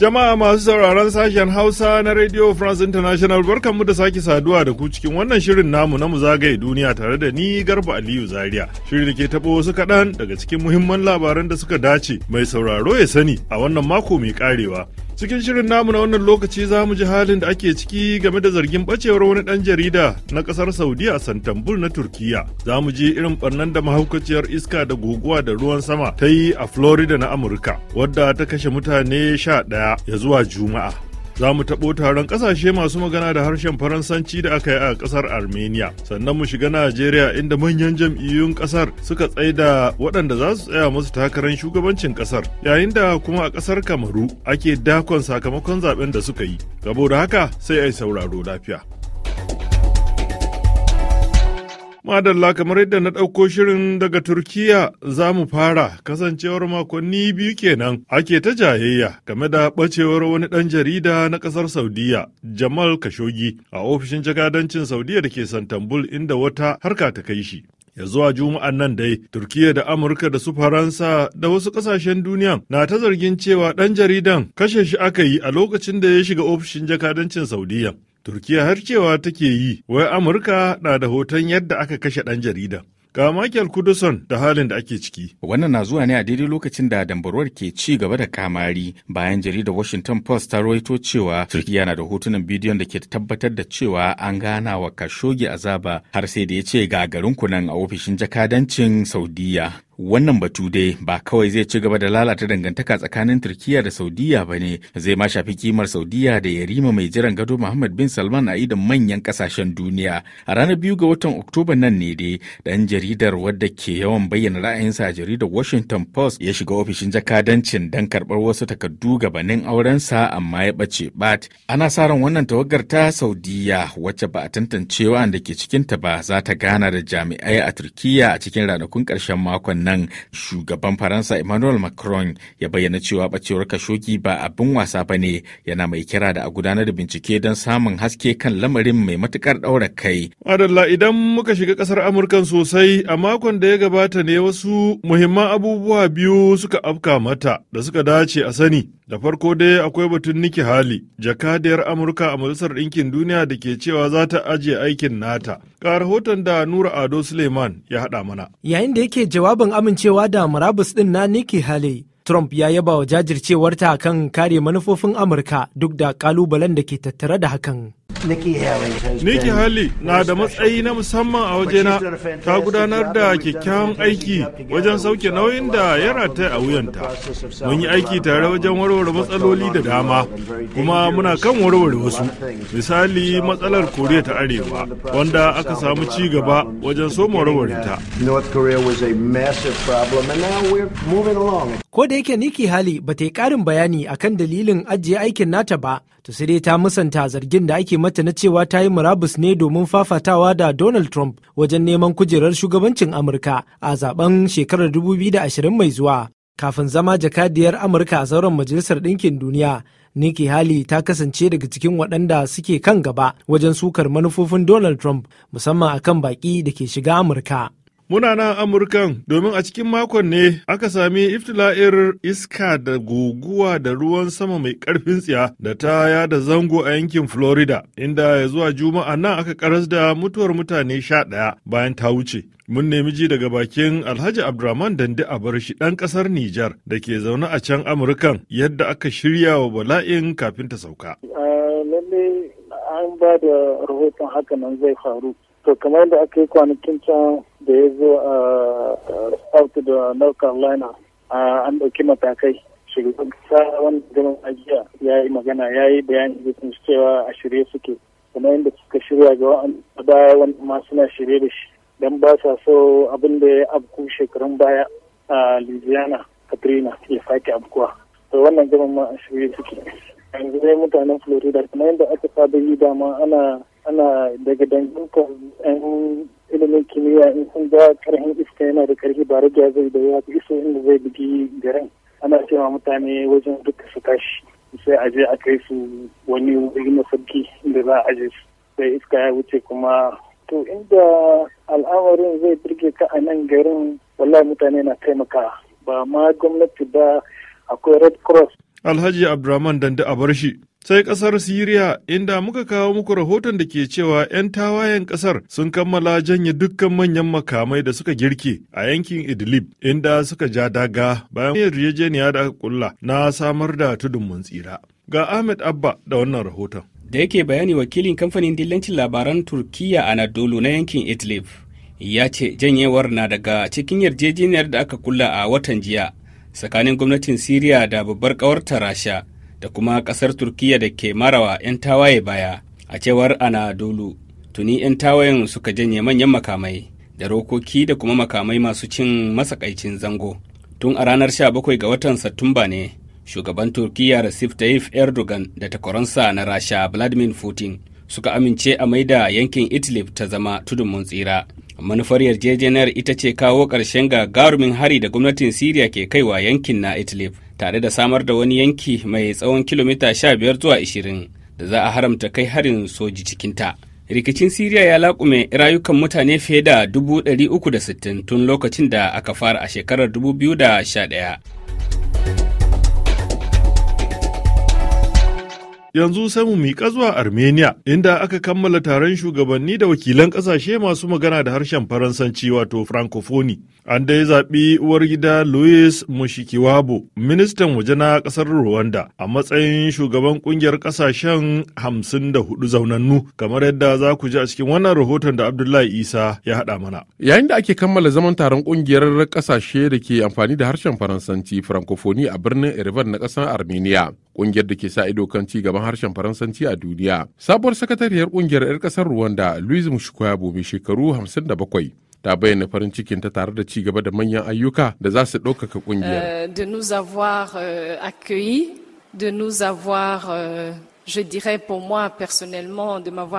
Jama'a masu sauraron sashen Hausa na Radio France International barkanmu da sake saduwa da ku cikin wannan shirin namu na muzagaye duniya tare da ni Garba Aliyu Zaria. Shirin da ke taɓo wasu kaɗan daga cikin muhimman labaran da suka dace mai sauraro ya sani a wannan mako mai karewa. Cikin shirin namu na wannan lokaci za mu ji halin da ake ciki game da zargin bacewar wani ɗan jarida na ƙasar Saudi a Santambul na Turkiya. Za mu ji irin ɓarnan da mahaukaciyar iska da guguwa da ruwan sama ta yi a Florida na Amurka, wadda ta kashe mutane sha ɗaya ya zuwa Juma'a. za mu taɓo taron ƙasashe masu magana da harshen faransanci da aka yi a ƙasar armenia sannan mu shiga najeriya inda manyan jam'iyyun ƙasar suka tsaida waɗanda za su tsaya musu takarar shugabancin ƙasar yayin da kuma a ƙasar kamaru ake dakon sakamakon zaɓen da suka yi saboda haka sai a yi sauraro lafiya Madalla kamar yadda na ɗauko shirin daga Turkiya za mu fara kasancewar makonni biyu kenan ake ta jayayya game da ɓacewar wani ɗan jarida na ƙasar Saudiya Jamal kashogi a ofishin jakadancin Saudiya da ke Santambul inda wata harka ta kai shi. ya zuwa juma'an nan dai turkiya da amurka da su faransa da wasu ƙasashen duniya na ta zargin cewa ɗan jaridan kashe shi aka yi a lokacin da ya shiga ofishin jakadancin saudiya Turkiya har cewa take yi, wai Amurka na da hoton yadda aka kashe ɗan jarida. Ga Michael Kuduson da halin da ake ciki. Wannan na zuwa ne a daidai lokacin da dambarwar ke ci gaba da kamari bayan jaridar Washington Post ta rawaito cewa Turkiya na da hotunan bidiyon da ke tabbatar da cewa an gana wa Khashoggi azaba har sai da ya ce ga garin kunan a ofishin jakadancin Saudiya. wannan batu dai ba kawai zai ci gaba da lalata dangantaka tsakanin turkiya da saudiya ba ne zai ma shafi kimar saudiya da yarima mai jiran gado muhammad bin salman a idan manyan kasashen duniya a ranar biyu ga watan oktoba nan ne dai dan jaridar wadda ke yawan bayyana ra'ayinsa a jaridar washington post ya shiga ofishin jakadancin dan karbar wasu takardu gabanin aurensa amma ya bace bat ana sa ran wannan tawagar ta saudiya wacce ba a tantancewa da ke cikinta ba za ta gana da jami'ai a turkiya a cikin ranakun ƙarshen makon nan shugaban faransa emmanuel macron ya bayyana cewa bacewar kashoki ba abin wasa ba ne yana mai kira da a gudanar da bincike don samun haske kan lamarin mai matukar daura kai adalla idan muka shiga kasar amurkan sosai a makon da ya gabata ne wasu muhimman abubuwa biyu suka afka mata da suka dace a sani da farko dai akwai batun niki hali jakadiyar amurka a majalisar ɗinkin duniya da ke cewa za ta ajiye aikin nata Ga rahoton da Nura Ado Suleiman ya haɗa mana. Yayin da yake jawabin amincewa da murabus ɗin na Nikki Haley, Trump ya yaba wa jajircewarta kan kare manufofin Amurka duk da ƙalubalen da ke tattare da hakan. Nikki Haley na da matsayi na musamman a wajena ta gudanar da kyakkyawan aiki wajen sauke nauyin da ya rata a wuyanta. Mun yi aiki tare wajen warware matsaloli da dama, kuma muna kan warware wasu. Misali matsalar uh, Koriya ta Arewa, wanda aka samu ci gaba wajen soma warware ta. Uh, Ko da yake Nikki Haley ba ta yi ƙarin bayani akan dalilin ajiye aikin nata ba, ta sai dai ta musanta zargin da ake mata na cewa ta yi murabus ne domin fafatawa da Donald Trump wajen neman kujerar shugabancin Amurka a zaben shekarar 2020 mai zuwa. Kafin zama jakadiyar Amurka a sauran Majalisar Ɗinkin Duniya, Nikki Haley ta kasance daga cikin waɗanda suke kan gaba wajen sukar manufofin Donald Trump musamman akan baƙi da ke shiga Amurka. Muna nan Amurkan domin a cikin makon ne aka sami iftila'ir iska da guguwa da ruwan sama mai karfin tsiya da ta yada zango a yankin Florida, inda ya zuwa Juma'a nan aka karas da mutuwar mutane sha ɗaya bayan ta wuce. Mun nemi ji daga bakin Alhaji Abdurrahman Dande a bar shi ɗan ƙasar Nijar da ke zaune a can Amurkan yadda aka shirya wa bala'in kafin ta sauka. lallai an ba da rahoton hakanan zai faru. To kamar da aka yi kwanakin can da ya zo a south da north carolina an ɗauki matakai shugaban kasa wanda gaban ajiya ya yi magana ya yi bayani da sun cewa a shirye suke kuma yadda suka shirya ga wa'an baya wanda ma suna shirye da shi don ba sa so abin da ya abku shekarun baya a louisiana katrina ya sake abkuwa to wannan gaban ma a shirye suke yanzu dai mutanen florida kuma yadda aka saba yi dama ana ana daga dangantar 'yan ilimin kimiyya in sun ga karhin iska yana da karfi ba rage zai da yawa iso inda zai bugi garin ana cewa mutane wajen duka su tashi sai a je a kai su wani wuri na sabki inda za a je su sai iska ya wuce kuma to inda al'amarin zai birge ka a nan garin wallahi mutane na taimaka ba ma gwamnati ba akwai red cross alhaji abdurrahman dande a bar shi sai kasar Siriya inda muka kawo muku rahoton da ke cewa 'yan tawayen kasar sun kammala janye dukkan manyan makamai da suka girke a yankin Idlib inda suka ja daga bayan yarjejeniya da aka kulla na samar da tudun mun tsira. Ga Ahmed Abba da wannan rahoton. Da yake bayani wakilin kamfanin dillancin labaran Turkiyya Anadolu na yankin Idlib ya ce janyewar na daga cikin yarjejeniyar da aka kulla a watan jiya tsakanin gwamnatin Siriya da babbar ƙawarta Rasha. da kuma ƙasar Turkiyya da ke marawa 'yan tawaye baya. A cewar Anadolu, tuni 'yan tawayen suka janye manyan makamai da rokoki da kuma makamai masu cin masakaicin zango. Tun a ranar 17 ga watan Satumba ne, shugaban Turkiyya Recep Tayyip Erdogan da takwaransa na Rasha Vladimir Putin suka amince a maida yankin Idlib ta zama tudun mun tsira. manufar yarjejeniyar ita ce kawo ƙarshen gagarumin hari da gwamnatin siriya ke kaiwa yankin na idlib tare da samar da wani yanki mai tsawon kilomita 15 zuwa 20 da za a haramta kai harin soji cikinta. Rikicin Siriya ya laƙume rayukan mutane fiye da 360 tun lokacin da aka fara a shekarar 2011. Yanzu sai mu miƙa zuwa Armenia inda aka kammala taron shugabanni da wakilan ƙasashe masu magana da harshen Faransanci wato francophone An dai zaɓi uwar gida Louis Mushikiwabo, ministan waje na ƙasar Rwanda a matsayin shugaban ƙungiyar ƙasashen hudu zaunannu kamar yadda za ku ji a cikin wannan rahoton da Abdullahi Isa ya haɗa mana. Yayin da ake kammala zaman taron ƙungiyar ƙasashe da ke amfani da harshen Faransanci francophone a birnin Erevan na ƙasar Armenia, ƙungiyar da ke sa ido kan ci gaba malaman harshen Faransanci a duniya. Sabuwar sakatariyar kungiyar 'yar ƙasar Rwanda, Louise Mushikwabo mai shekaru 57, ta bayyana farin cikin ta tare da ci gaba da manyan ayyuka da za su ɗaukaka kungiyar. Euh, de nous avoir euh, accueilli, de nous avoir euh,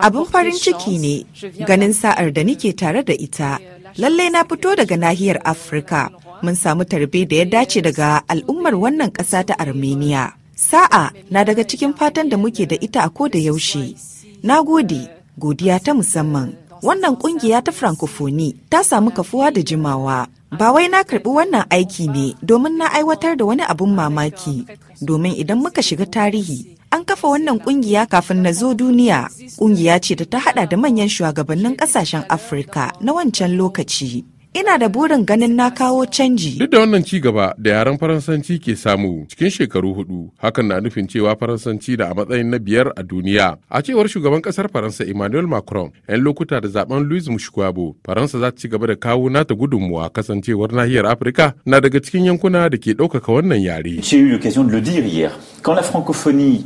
Abin farin ciki ne ganin sa'ar da nike tare da ita. Lallai na fito daga nahiyar Afirka. Mun samu tarbe da ya dace daga al'ummar wannan ƙasa ta Armenia. Sa'a na daga cikin fatan da muke da ita a da yaushe. Na gode, godiya ta musamman. Wannan kungiya ta Francophonie ta samu kafuwa da jimawa. Ba wai na karɓi wannan aiki ne domin na aiwatar da wani abun mamaki. Domin idan muka shiga tarihi, an kafa wannan kungiya kafin na zo duniya kungiya ce da ta hada da manyan shugabannin kasashen afirka na wancan lokaci ina da burin ganin na kawo canji. Duk da wannan ci gaba da yaren Faransanci ke samu cikin shekaru hudu, hakan na nufin cewa Faransanci da a matsayin na biyar a duniya. A cewar shugaban kasar Faransa Emmanuel Macron, 'yan lokuta da zaben Louis Mushkwabo, Faransa za ta ci gaba da kawo nata gudunmuwa kasancewar nahiyar Afirka na daga cikin yankuna da ke ɗaukaka wannan yare. J'ai eu l'occasion de le dire hier. Quand la francophonie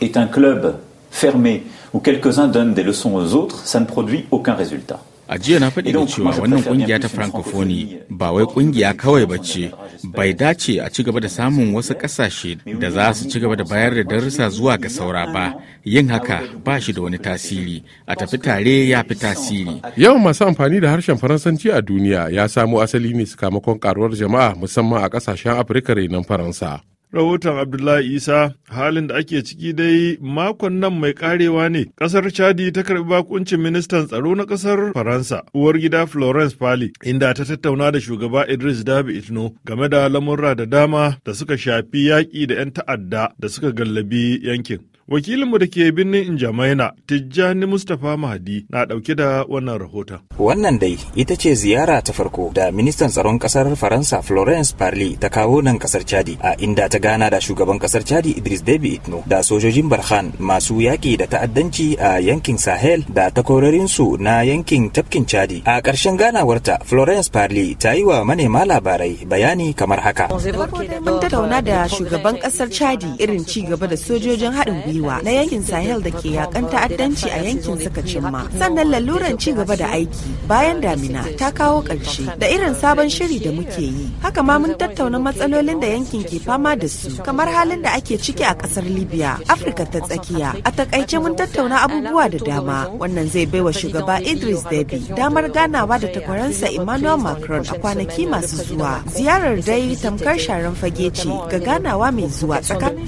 est un club fermé où quelques-uns donnent des leçons aux autres, ça ne produit aucun résultat. a jiya na faɗi da cewa wannan ƙungiya ta francophonie ba wai ƙungiya kawai ba ce bai dace a ci gaba da samun wasu ƙasashe da za su ci gaba da bayar da darussa zuwa ga saura ba yin haka ba shi da wani tasiri a tafi tare ya fi tasiri yawan masu amfani da harshen faransanci a duniya ya samo asali ne sakamakon karuwar jama'a musamman a ƙasashen afirka renon faransa Rahoton Abdullahi Isa halin da ake ciki dai makon nan mai karewa ne kasar Chadi ta karbi bakuncin ministan tsaro na kasar Faransa uwar gida Florence Pali inda ta tattauna da shugaba Idris Dabi Itno game da lamurra da dama da suka shafi yaƙi da 'yan ta'adda da suka gallabi yankin. Wakilinmu da ke birnin Injamaina, Tijjani Mustapha Mahadi na ɗauke da wannan rahoton. Wannan dai ita ce ziyara ta farko da ministan tsaron ƙasar Faransa Florence Parly ta kawo nan ƙasar Chadi a inda ta gana da shugaban ƙasar Chadi Idris Deby Itno da sojojin Barhan masu yaƙi da ta'addanci a yankin Sahel da takwarorinsu na yankin tafkin Chadi. A ƙarshen ganawarta Florence Parly ta yi wa manema labarai bayani kamar haka. Mun tattauna da shugaban ƙasar Chadi irin ci gaba da sojojin haɗin gwiwa arewa na yankin sahel da ke yakan ta'addanci a yankin suka cimma sannan laluran ci gaba da aiki bayan damina ta kawo ƙarshe da irin sabon shiri da muke yi haka ma mun tattauna matsalolin da yankin ke fama da su kamar halin da ake ciki a ƙasar libya afirka ta tsakiya a takaice mun tattauna abubuwa da dama wannan zai baiwa shugaba idris debi damar ganawa da takwaransa emmanuel macron a kwanaki masu zuwa ziyarar dai tamkar sharan fage ce ga ganawa mai zuwa tsakanin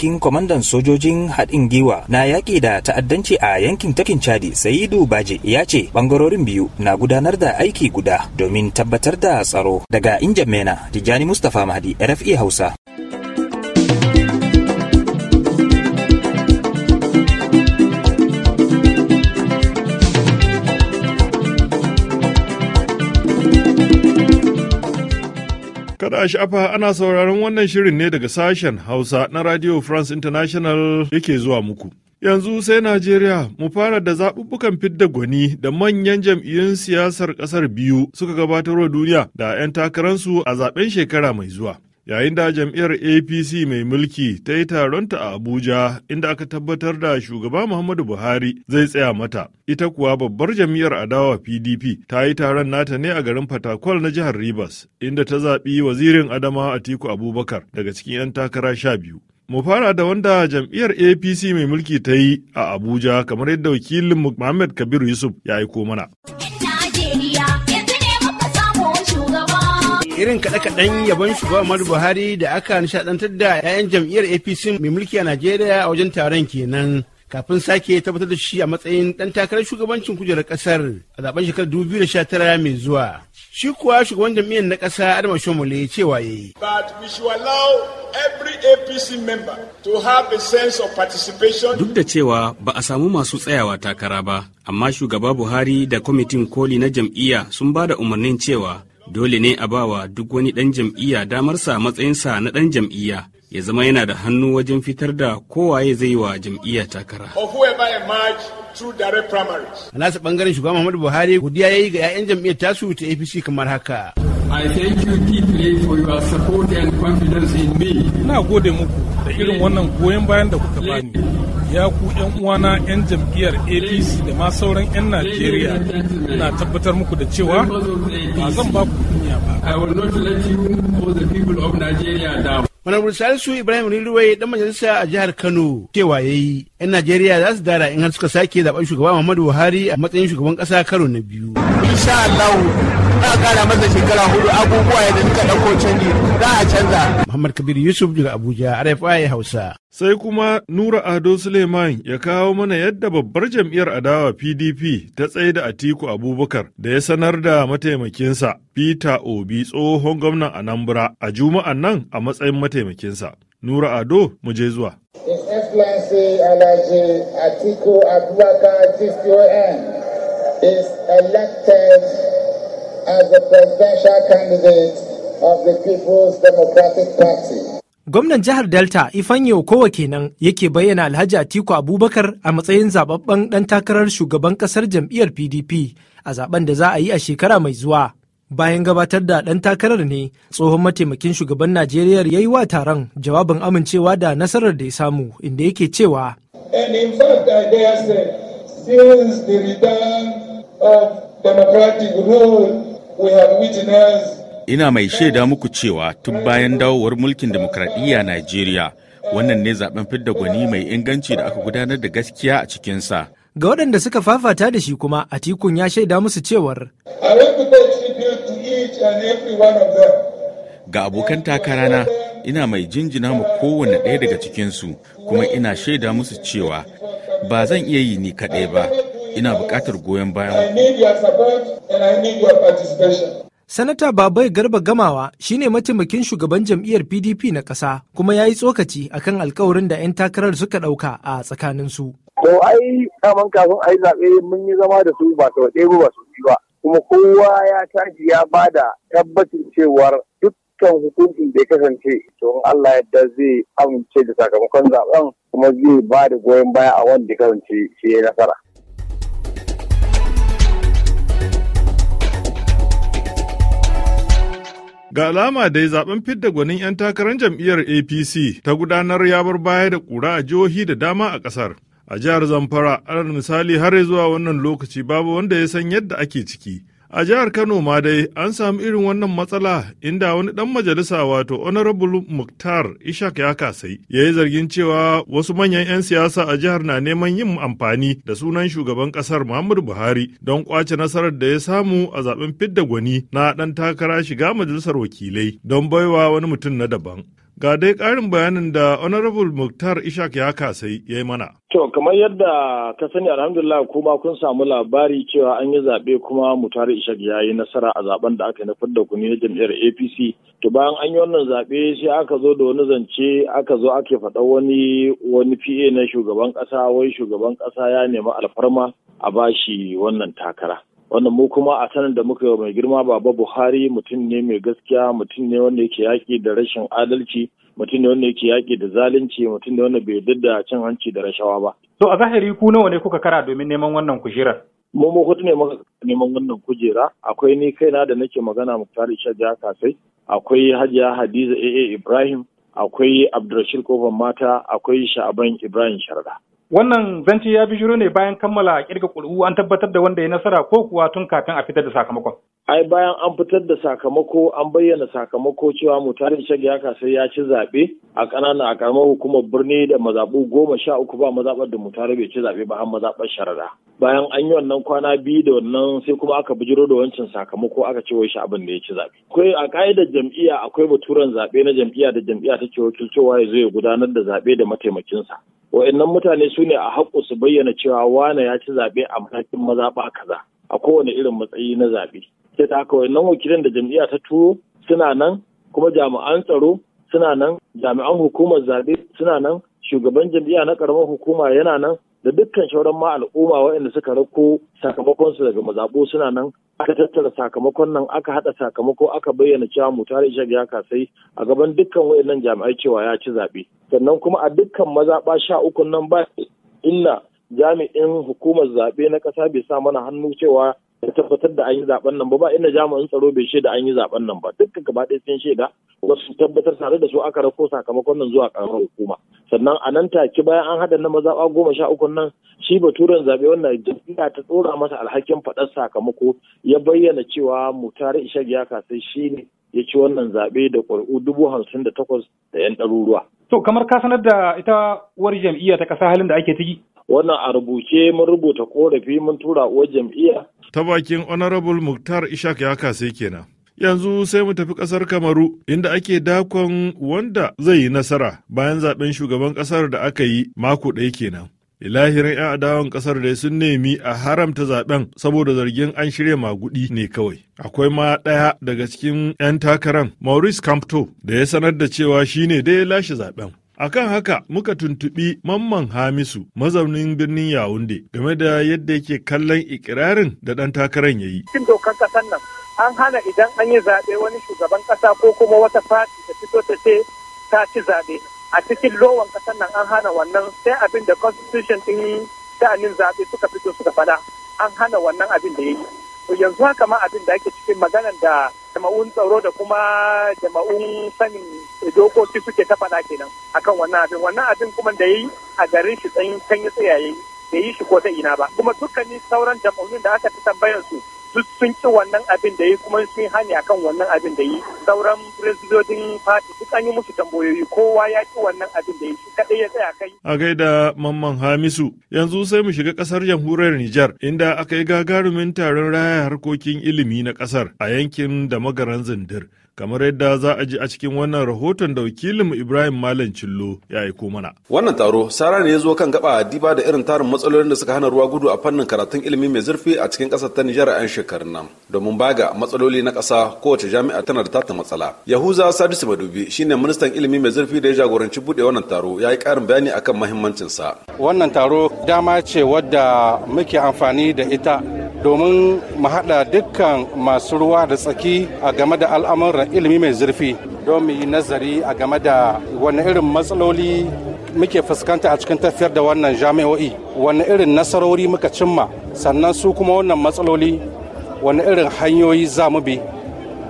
mataimakin kwamandan sojojin haɗin giwa na yaƙi da ta'addanci a yankin takin Chadi Sayidu Baje ya ce bangarorin biyu na gudanar da aiki guda domin tabbatar da tsaro daga Injin Mena Tijjani Mustapha Mahdi RFI e Hausa. Kada a shafa ana sauraron wannan shirin ne daga sashen Hausa na Radio France International yake zuwa muku. Yanzu sai Najeriya mu fara da zaɓuɓɓukan fidda gwani da manyan jam'iyyun siyasar ƙasar biyu suka gabatar wa duniya da 'yan takararsu a zaɓen shekara mai zuwa. yayin da jam'iyyar apc mai mulki ta yi taronta a abuja inda aka tabbatar da shugaba muhammadu buhari zai tsaya mata ita kuwa babbar jam'iyyar adawa pdp ta yi taron nata ne a garin fatakwal na jihar rivers inda ta zaɓi wazirin adama atiku abubakar daga cikin 'yan takara sha biyu mu fara da wanda jam'iyyar apc mai mulki ta yi a abuja kamar yadda wakilin muhammad kabiru yusuf ya aiko mana. irin kaɗe kaɗan yabon shugaba Muhammadu Buhari da aka nishaɗantar da 'ya'yan jam'iyyar APC mai mulki a Najeriya a wajen taron kenan. Kafin sake tabbatar da shi a matsayin ɗan takarar shugabancin kujerar ƙasar a zaben shekarar 2019 mai zuwa. Shi kuwa shugaban jam'iyyar na ƙasa Adama Shomole cewa ya yi. But we should allow every APC member to have a sense of participation. Duk da cewa ba a samu masu tsayawa takara ba, amma shugaba Buhari da kwamitin koli na jam'iyya sun ba da umarnin cewa dole ne a bawa duk wani ɗan jam'iyya damarsa matsayinsa na ɗan jam'iyya ya zama yana da hannu wajen fitar da kowaye zai wa jam'iyya takara. A nasa ɓangaren shugaban Muhammadu Buhari godiya ya yi ga 'ya'yan jam'iyyar tasu ta APC kamar haka. I thank you deeply for your support and confidence in me. Ina gode muku da irin wannan goyon bayan da kuka bani. Ya ku 'yan uwana 'yan jam'iyyar APC da ma sauran 'yan Najeriya. Ina tabbatar muku da cewa ba zan ba ku kunya ba. I will not let you or the people of Nigeria down. Honorable Salisu Ibrahim Riluwe dan majalisa a jihar Kano cewa yi? yan Najeriya za su dara in har suka sake zaɓen shugaba Muhammadu Buhari a matsayin shugaban ƙasa karo na biyu. Insha Allah za a ƙara masa shekara hudu abubuwa yadda suka ɗauko canji za a canza. Muhammad Kabir Yusuf daga Abuja RFI Hausa. Sai kuma Nura Ado Suleiman ya kawo mana yadda babbar jam'iyyar adawa PDP ta tsaida Atiku Abubakar da ya sanar da mataimakinsa Peter Obi tsohon gwamnan Anambra a Juma'an nan a matsayin mataimakinsa. Nura Ado mu je zuwa. Alhaji Atiku is elected as the presidential of the People's Democratic Party. Gwamnan jihar Delta Ifanye Okowa kenan yake bayyana Alhaji Atiku Abubakar a matsayin zababben dan takarar shugaban kasar jam'iyyar PDP a zaben da za a yi a shekara mai zuwa. Bayan gabatar da dan takarar ne, tsohon mataimakin shugaban Najeriya ya yi wa taron jawabin amincewa da nasarar da ya samu inda yake cewa. since the return of democratic rule, we have witnessed Ina mai shaida muku cewa tun bayan dawowar mulkin demokradiyya Najeriya, wannan ne zaben fidda gwani mai inganci da aka gudanar da gaskiya a cikinsa. Ga waɗanda suka fafata da shi kuma, a tikun ya shaida musu cewar. Ga abokan takarana, ina mai jinjina ma kowane ɗaya daga cikinsu, kuma ina shaida musu cewa ba zan iya yi ni kaɗai ba, ina buƙatar goyon bayan. Sanata Babai Garba Gamawa shine mataimakin shugaban jam'iyyar PDP na ƙasa kuma ya yi tsokaci a kan alkawarin da 'yan takarar suka ɗauka a tsakaninsu. To ai kaman kafin ai zaɓe mun yi zama da su ba su waɗe ba su ba kuma kowa ya tashi ya ba da tabbacin cewar dukkan hukuncin da ya kasance to Allah yadda zai amince da sakamakon zaɓen kuma zai ba da goyon baya a wanda ya kasance shi ya nasara. Ga alama dai zaben fidda gwanin 'yan takarar jam'iyyar APC ta gudanar ya bar baya da kura a jihohi da dama a ƙasar. A jihar Zamfara, alal misali har zuwa wannan lokaci babu wanda ya san yadda ake ciki. A jihar Kano ma dai an samu irin wannan matsala inda wani ɗan majalisa wato Honorable Muktar Ishak ya kasai ya yi zargin cewa wasu manyan 'yan siyasa a jihar na neman yin amfani da sunan shugaban ƙasar Muhammadu Buhari don kwace nasarar da ya samu a zaben fidda gwani na ɗan takara shiga majalisar wakilai don baiwa wani mutum na daban. Ga dai ƙarin bayanin da Honorable Muktar Ishak ya kasai ya yi mana. To, kamar yadda ka sani alhamdulillah kuma kun samu labari cewa an yi zaɓe kuma Muktar Ishak ya yi nasara a zaben da aka nufar da kuni na jam'iyyar APC. To bayan an yi wannan zaɓe sai aka zo da wani zance aka zo ake faɗa wani wani PA na shugaban ƙasa wai shugaban ƙasa ya nemi alfarma a bashi wannan takara. wannan mu kuma a sanin da muka yi mai girma baba buhari mutum ne mai gaskiya mutum ne wanda yake yaƙi da rashin adalci mutum ne wanda yake yaƙi da zalunci mutum ne wanda bai yarda da cin hanci da rashawa ba to a zahiri ku nawa ne kuka kara domin neman wannan kujerar mu mu hudu ne muka neman wannan kujera akwai ni kaina da nake magana muktari shaja kasai akwai hajiya hadiza aa ibrahim akwai abdulrashid kofan mata akwai sha'aban ibrahim sharda Wannan zance ya bi shiru ne bayan kammala kirga ƙuri'u an tabbatar da wanda ya nasara ko kuwa tun kafin a fitar da sakamakon. ai bayan an fitar da sakamako an bayyana sakamako cewa mutare shagi haka sai ya ci zaɓe a ƙanana a ƙaramar hukumar birni da mazaɓu goma sha uku ba mazaɓar da mutane bai ci zaɓe ba har mazaɓar sharada bayan an yi wannan kwana biyu da wannan sai kuma aka bijiro da wancan sakamako aka ce wai shi abin da ya ci zaɓe akwai a ƙa'idar jam'iyya akwai baturan zaɓe na jam'iyya da jam'iyya take wakilcewa ya zo ya gudanar da zaɓe da mataimakinsa wa'annan mutane su ne a haƙƙo su bayyana cewa wane ya ci zaɓe a matakin mazaɓa kaza a kowane irin matsayi na zaɓe sai ta haka wannan wakilan da jam'iyya ta turo suna nan kuma jami'an tsaro suna nan jami'an hukumar zaɓe suna nan shugaban jam'iyya na karamar hukuma yana nan da dukkan shauran ma al'umma waɗanda suka rako sakamakon su daga mazaɓo suna nan aka tattara sakamakon nan aka haɗa sakamako aka bayyana cewa mutare ishaq ya kasai a gaban dukkan waɗannan jami'ai cewa ya ci zaɓe sannan kuma a dukkan mazaɓa sha uku nan ba illa jami'in hukumar zaɓe na ƙasa bai sa mana hannu cewa da tabbatar da an yi zaben nan ba ba inda jami'an tsaro bai shaida an yi zaben nan ba dukkan gaba ɗaya sun shaida wasu tabbatar tare da su aka rako sakamakon nan zuwa karamar hukuma sannan a nan take bayan an haɗa na mazaɓa goma sha uku nan shi baturen zaɓe wannan jam'iyya ta tsora masa alhakin faɗar sakamako ya bayyana cewa mutare ishaq ya kasai shi ne ya ci wannan zaɓe da ƙuri'u dubu hamsin da takwas da 'yan ɗaruruwa. to kamar ka sanar da ita uwar jam'iyya ta ƙasa halin da ake ciki. wannan a rubuce mun rubuta korafi mun tura uwar jam'iyya. ta bakin honorable muktar ishak ya kase kenan yanzu sai mu tafi kasar kamaru inda ake dakon wanda zai yi nasara bayan zaben shugaban ƙasar da aka yi mako ɗaya kenan ilahirin 'yan adawan ƙasar da sun nemi a haramta zaben saboda zargin an shirya magudi ne kawai akwai ma ɗaya daga cikin 'yan takaran maurice campto da ya sanar da cewa shine dai ya lashe zaben a kan haka muka tuntuɓi Mamman Hamisu mazaunin birnin Yawunde game da yadda yake kallon ikirarin da ɗan takarar ya yi. Cikin dokar ƙasar nan an hana idan an yi zaɓe wani shugaban ƙasa ko kuma wata fati da fito ta ce ta ci zaɓe. A cikin lowan ƙasar nan an hana wannan sai abin da constitution ɗin sha'anin zaɓe suka fito suka faɗa an hana wannan abin da ya yi. To yanzu haka ma abin da ake cikin maganar da jama'un tsaro da kuma jama'un sanin dokoki suke ta faɗa kenan akan wannan abin wannan abin kuma da yi a garin shi tsayin kan yi tsayaye bai yi shi ko ta ina ba kuma dukkanin sauran jama'un da aka fi tambayar su duk sun ci wannan abin da yi kuma sun hani akan wannan abin da yi sauran presidodin fati duk an yi musu tambayoyi kowa ya ci wannan abin da yi shi kadai ya tsaya kai a gaida mamman hamisu yanzu sai mu shiga kasar jamhuriyar Nijar inda aka yi gagarumin taron raya harkokin ilimi na kasar a yankin da magaran zindir kamar yadda za a ji a cikin wannan rahoton da wakilinmu Ibrahim Malam Cillo ya aiko mana. Wannan taro Sara ne ya zo kan gaba diba da irin tarin matsalolin da suka hana ruwa gudu a fannin karatun ilimi mai zurfi a cikin ƙasar ta Nijar a shekarun nan. Domin baga matsaloli na ƙasa kowace jami'a tana da tata matsala. Yahuza Sadisu Madubi shine ministan ilimi mai zurfi da ya jagoranci buɗe wannan taro ya yi ƙarin bayani akan mahimmancinsa. Wannan taro dama ce wadda muke amfani da ita domin mu haɗa dukkan masu ruwa da tsaki a game da al'amuran ilimi mai zurfi don mu yi nazari a game da wani irin matsaloli muke fuskanta a cikin tafiyar da wannan jami'o'i wani irin nasarori muka cimma sannan su kuma wannan matsaloli wani irin hanyoyi za mu bi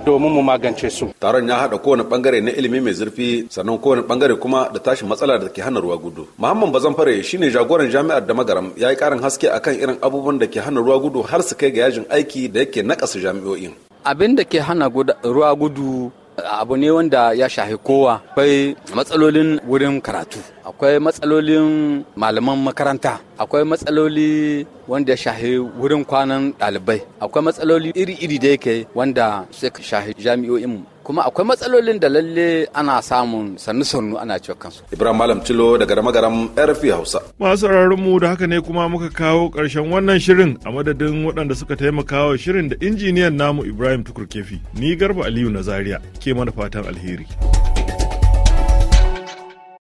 domin mu magance su. Taron ya haɗa kowane ɓangare na ilimi mai zurfi sannan kowane bangare kuma da tashin matsala da ke hana ruwa gudu. Muhammad bazan Bazanfare shine jagoran jami'ar da magaram ya yi ƙarin haske akan irin abubuwan da ke hana ruwa gudu har su kai ga yajin aiki da yake nakasa jami'o'in. Abin da ke hana ruwa gudu abu ne wanda ya shahi kowa akwai matsalolin wurin karatu akwai matsalolin malaman makaranta akwai matsaloli wanda ya shahi wurin kwanan ɗalibai akwai matsaloli iri-iri da yake wanda suka shahi jami'o'in kuma akwai matsalolin da lalle ana samun sannu-sannu ana cewa kansu. Ibrahim Malam Cilo daga Ramagaram RFI Hausa. Masu mu da haka ne kuma muka kawo ƙarshen wannan shirin a madadin waɗanda suka taimaka wa shirin da injiniyan namu Ibrahim Tukur Kefi. Ni Garba Aliyu na Zaria ke mana fatan alheri.